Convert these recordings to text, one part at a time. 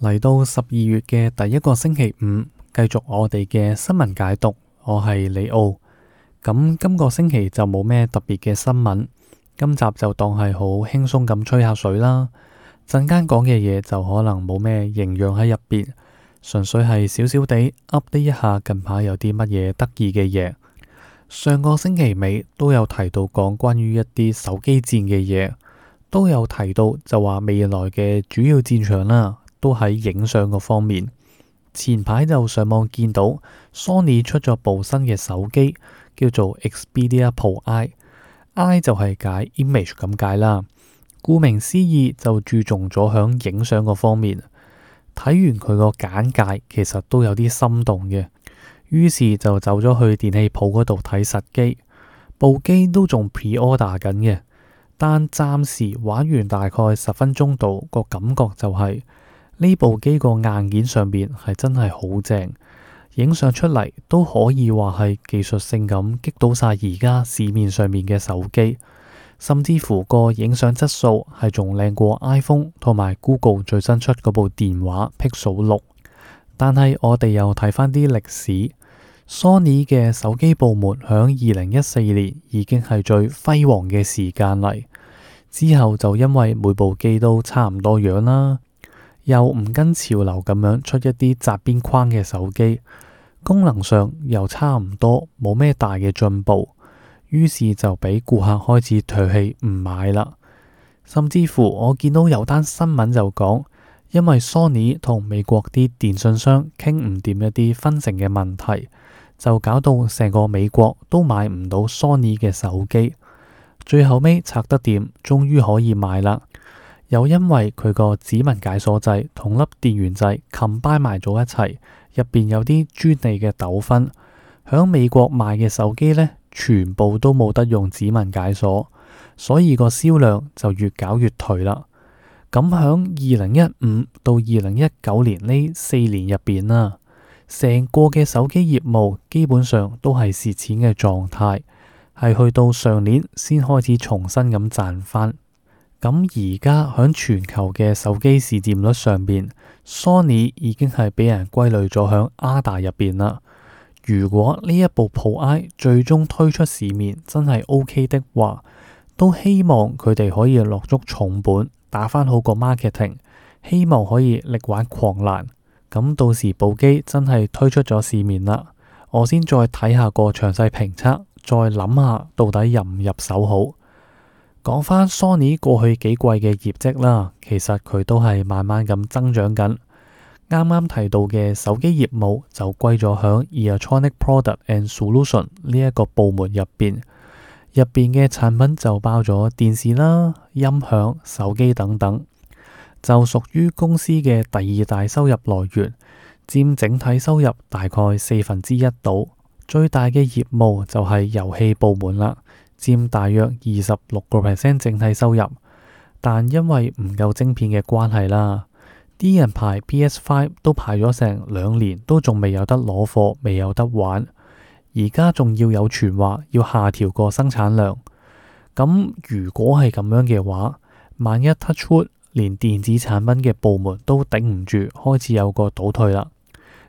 嚟到十二月嘅第一個星期五，繼續我哋嘅新聞解讀。我係李奧咁，今、嗯今個星期就冇咩特別嘅新聞。今集就當係好輕鬆咁吹下水啦。陣間講嘅嘢就可能冇咩營養喺入邊，純粹係小小地 update 一下近排有啲乜嘢得意嘅嘢。上個星期尾都有提到講關於一啲手機戰嘅嘢，都有提到就話未來嘅主要戰場啦。都喺影相個方面，前排就上網見到 Sony 出咗部新嘅手機，叫做 Xperia Pro I，I 就係解 image 咁解啦。顧名思義就注重咗響影相個方面。睇完佢個簡介，其實都有啲心動嘅，於是就走咗去電器鋪嗰度睇實機。部機都仲 pre-order 緊嘅，但暫時玩完大概十分鐘度個感覺就係、是。呢部機個硬件上面係真係好正，影相出嚟都可以話係技術性咁擊到晒而家市面上面嘅手機，甚至乎個影相質素係仲靚過 iPhone 同埋 Google 最新出嗰部電話 Pixel 六。但係我哋又睇返啲歷史，Sony 嘅手機部門響二零一四年已經係最輝煌嘅時間嚟，之後就因為每部機都差唔多樣啦。又唔跟潮流咁樣出一啲窄邊框嘅手機，功能上又差唔多，冇咩大嘅進步，於是就俾顧客開始唾棄唔買啦。甚至乎我見到有單新聞就講，因為 Sony 同美國啲電信商傾唔掂一啲分成嘅問題，就搞到成個美國都買唔到 Sony 嘅手機。最後尾拆得掂，終於可以買啦。又因為佢個指紋解鎖掣同粒電源掣冚掰埋咗一齊，入邊有啲專利嘅糾紛，響美國賣嘅手機呢，全部都冇得用指紋解鎖，所以個銷量就越搞越頹啦。咁響二零一五到二零一九年呢四年入邊啊，成個嘅手機業務基本上都係蝕錢嘅狀態，係去到上年先開始重新咁賺翻。咁而家喺全球嘅手機市占率上邊，Sony 已經係俾人歸類咗喺 ADA 入邊啦。如果呢一部 Pro I 最終推出市面真係 OK 的話，都希望佢哋可以落足重本打返好個 marketing，希望可以力挽狂瀾。咁到時部機真係推出咗市面啦，我先再睇下個詳細評測，再諗下到底入唔入手好。講返 Sony 過去幾季嘅業績啦，其實佢都係慢慢咁增長緊。啱啱提到嘅手機業務就歸咗響 Electronic Product and Solution 呢一個部門入邊，入邊嘅產品就包咗電視啦、音響、手機等等，就屬於公司嘅第二大收入來源，佔整體收入大概四分之一度。最大嘅業務就係遊戲部門啦。佔大約二十六個 percent 整體收入，但因為唔夠晶片嘅關係啦，啲人排 PS Five 都排咗成兩年，都仲未有得攞貨，未有得玩。而家仲要有傳話要下調個生產量，咁如果係咁樣嘅話，萬一 touch wood 連電子產品嘅部門都頂唔住，開始有個倒退啦，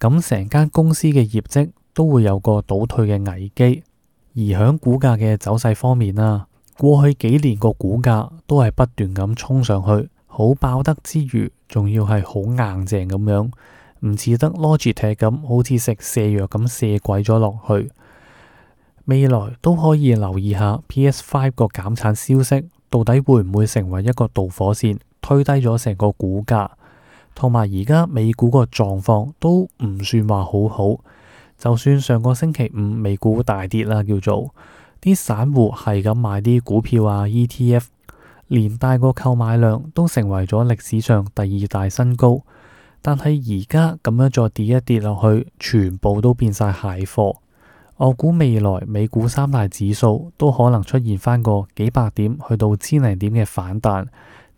咁成間公司嘅業績都會有個倒退嘅危機。而喺股價嘅走勢方面啊，過去幾年個股價都係不斷咁衝上去，好爆得之餘，仲要係好硬淨咁樣，唔似得 Logitech 咁，好似食瀉藥咁瀉鬼咗落去。未來都可以留意下 PS Five 個減產消息，到底會唔會成為一個導火線，推低咗成個股價？同埋而家美股個狀況都唔算話好好。就算上個星期五美股大跌啦，叫做啲散戶係咁買啲股票啊，ETF 連帶個購買量都成為咗歷史上第二大新高。但係而家咁樣再跌一跌落去，全部都變晒蟹貨。我估未來美股三大指數都可能出現翻個幾百點去到千零點嘅反彈，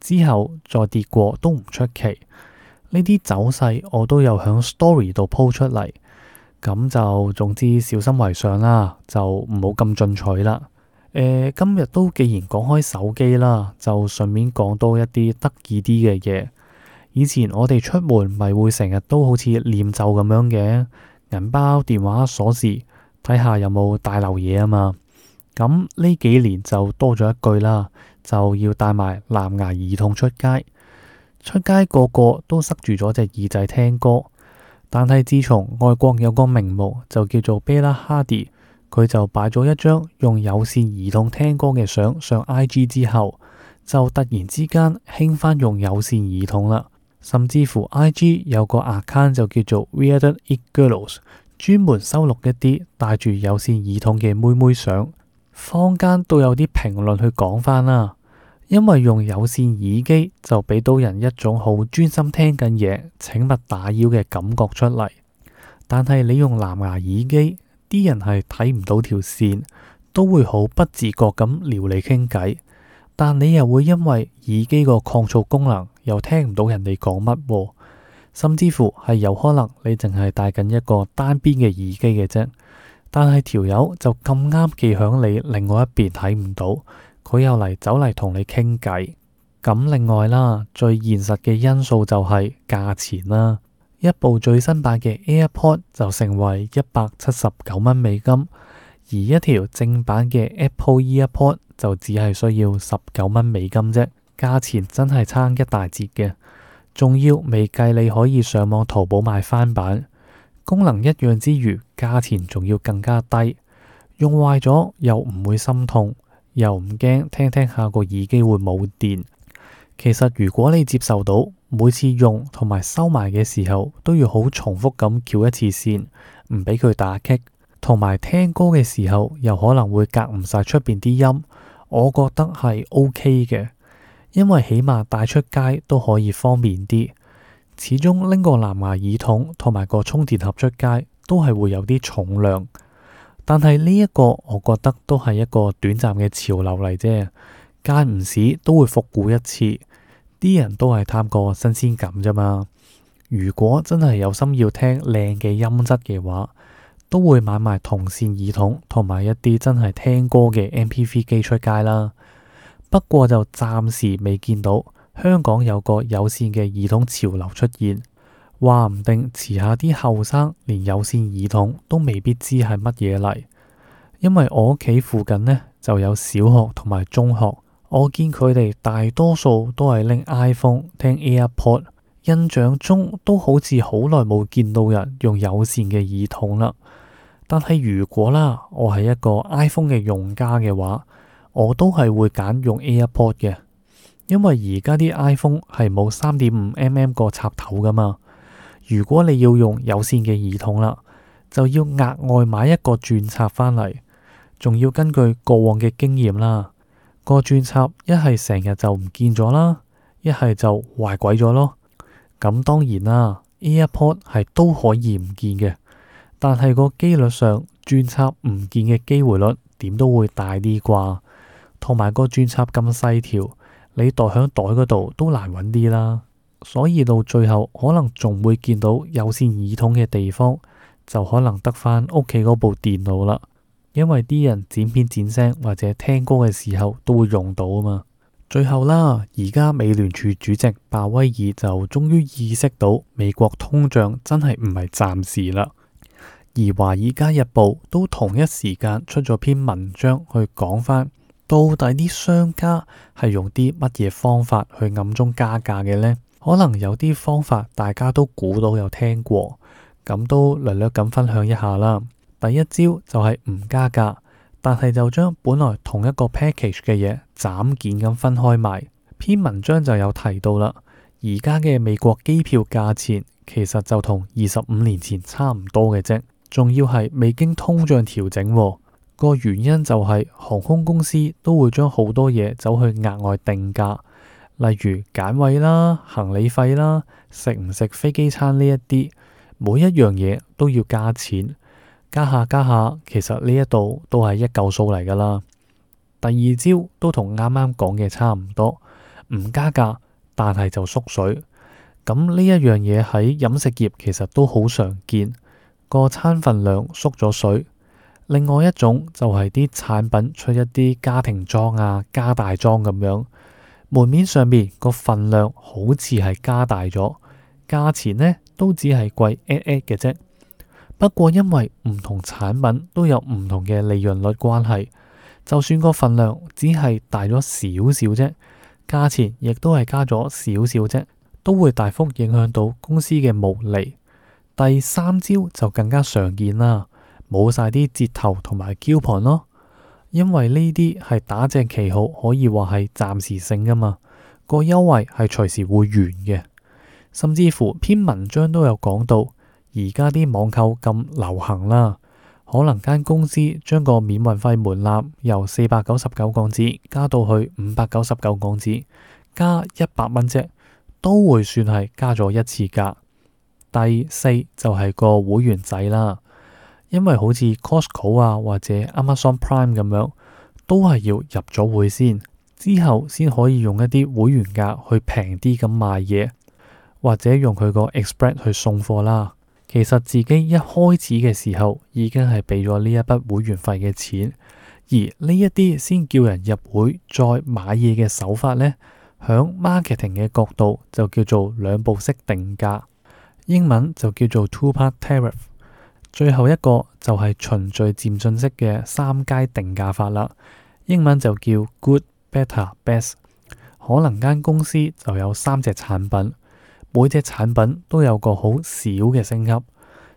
之後再跌過都唔出奇。呢啲走勢我都有響 story 度鋪出嚟。咁就總之小心為上啦，就唔好咁進取啦。呃，今日都既然講開手機啦，就順便講多一啲得意啲嘅嘢。以前我哋出門咪會成日都好似念咒咁樣嘅，銀包、電話、鎖匙，睇下有冇帶漏嘢啊嘛。咁、嗯、呢幾年就多咗一句啦，就要帶埋藍牙耳筒出街。出街個個都塞住咗隻耳仔聽歌。但係自從外國有個名模就叫做 Bella Hadid，佢就擺咗一張用有線耳筒聽歌嘅相上 I G 之後，就突然之間興翻用有線耳筒啦。甚至乎 I G 有個 account 就叫做 Weird Igirls，專門收錄一啲帶住有線耳筒嘅妹妹相。坊間都有啲評論去講翻啦。因為用有線耳機就俾到人一種好專心聽緊嘢，請勿打擾嘅感覺出嚟。但係你用藍牙耳機，啲人係睇唔到條線，都會好不自覺咁撩你傾偈。但你又會因為耳機個抗噪功能，又聽唔到人哋講乜，甚至乎係有可能你淨係戴緊一個單邊嘅耳機嘅啫。但係條友就咁啱記響你另外一邊睇唔到。佢又嚟走嚟同你傾偈咁。另外啦，最現實嘅因素就係價錢啦。一部最新版嘅 AirPods 就成為一百七十九蚊美金，而一條正版嘅 Apple EarPods 就只係需要十九蚊美金啫。價錢真係差一大截嘅，仲要未計你可以上網淘寶買翻版，功能一樣之餘，價錢仲要更加低，用壞咗又唔會心痛。又唔驚，聽聽下個耳機會冇電。其實如果你接受到，每次用同埋收埋嘅時候，都要好重複咁撬一次線，唔俾佢打棘，同埋聽歌嘅時候又可能會隔唔晒出面啲音。我覺得係 OK 嘅，因為起碼帶出街都可以方便啲。始終拎個藍牙耳筒同埋個充電盒出街，都係會有啲重量。但係呢一個，我覺得都係一個短暫嘅潮流嚟啫，間唔時都會復古一次。啲人都係貪個新鮮感啫嘛。如果真係有心要聽靚嘅音質嘅話，都會買埋同線耳筒同埋一啲真係聽歌嘅 MPV 機出街啦。不過就暫時未見到香港有個有線嘅耳筒潮流出現。話唔定遲下啲後生連有線耳筒都未必知係乜嘢嚟，因為我屋企附近呢就有小學同埋中學，我見佢哋大多數都係拎 iPhone 聽 AirPod，印象中都好似好耐冇見到人用有線嘅耳筒啦。但係如果啦，我係一個 iPhone 嘅用家嘅話，我都係會揀用 AirPod 嘅，因為而家啲 iPhone 係冇三點五 mm 個插頭㗎嘛。如果你要用有線嘅耳筒啦，就要額外買一個轉插返嚟，仲要根據過往嘅經驗啦。個轉插一係成日就唔見咗啦，一係就壞鬼咗咯。咁當然啦，AirPod 係都可以唔見嘅，但係個機率上轉插唔見嘅機會率點都會大啲啩，同埋個轉插咁細條，你袋響袋嗰度都難揾啲啦。所以到最後可能仲會見到有線耳筒嘅地方就可能得翻屋企嗰部電腦啦，因為啲人剪片、剪聲或者聽歌嘅時候都會用到啊嘛。最後啦，而家美聯儲主席鮑威爾就終於意識到美國通脹真係唔係暫時啦，而華爾街日報都同一時間出咗篇文章去講翻到底啲商家係用啲乜嘢方法去暗中加價嘅咧。可能有啲方法大家都估到有聽過，咁都略略咁分享一下啦。第一招就係唔加價，但係就將本來同一個 package 嘅嘢斬件咁分開賣。篇文章就有提到啦，而家嘅美國機票價錢其實就同二十五年前差唔多嘅啫，仲要係未經通脹調整啊。個原因就係航空公司都會將好多嘢走去額外定價。例如揀位啦、行李費啦、食唔食飛機餐呢一啲，每一樣嘢都要加錢，加下加下，其實呢一度都係一嚿數嚟㗎啦。第二招都同啱啱講嘅差唔多，唔加價，但係就縮水。咁呢一樣嘢喺飲食業其實都好常見，個餐份量縮咗水。另外一種就係啲產品出一啲家庭裝啊、加大裝咁樣。門面上面個份量好似係加大咗，價錢呢都只係貴啲啲嘅啫。不過因為唔同產品都有唔同嘅利潤率關係，就算個份量只係大咗少少啫，價錢亦都係加咗少少啫，都會大幅影響到公司嘅毛利。第三招就更加常見啦，冇晒啲折頭同埋 coupon 咯。因為呢啲係打正旗號，可以話係暫時性噶嘛，個優惠係隨時會完嘅。甚至乎篇文章都有講到，而家啲網購咁流行啦，可能間公司將個免運費門檻由四百九十九港紙加到去五百九十九港紙，加一百蚊啫，都會算係加咗一次價。第四就係個會員仔啦。因為好似 Costco 啊，或者 Amazon Prime 咁樣，都係要入咗會先，之後先可以用一啲會員價去平啲咁賣嘢，或者用佢個 Express 去送貨啦。其實自己一開始嘅時候已經係俾咗呢一筆會員費嘅錢，而呢一啲先叫人入會再買嘢嘅手法呢，響 marketing 嘅角度就叫做兩步式定價，英文就叫做 two-part tariff。最後一個就係循序漸進式嘅三階定價法啦，英文就叫 Good、Better、Best。可能間公司就有三隻產品，每隻產品都有個好小嘅升級，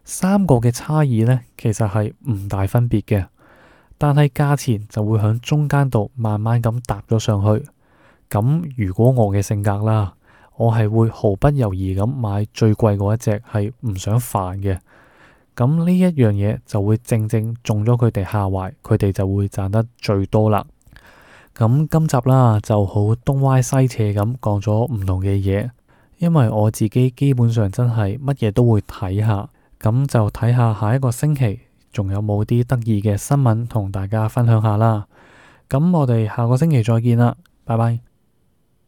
三個嘅差異呢，其實係唔大分別嘅，但係價錢就會響中間度慢慢咁搭咗上去。咁如果我嘅性格啦，我係會毫不猶豫咁買最貴嗰一隻，係唔想煩嘅。咁呢一樣嘢就會正正中咗佢哋下懷，佢哋就會賺得最多啦。咁今集啦就好東歪西斜咁講咗唔同嘅嘢，因為我自己基本上真係乜嘢都會睇下，咁就睇下下一個星期仲有冇啲得意嘅新聞同大家分享下啦。咁我哋下個星期再見啦，拜拜。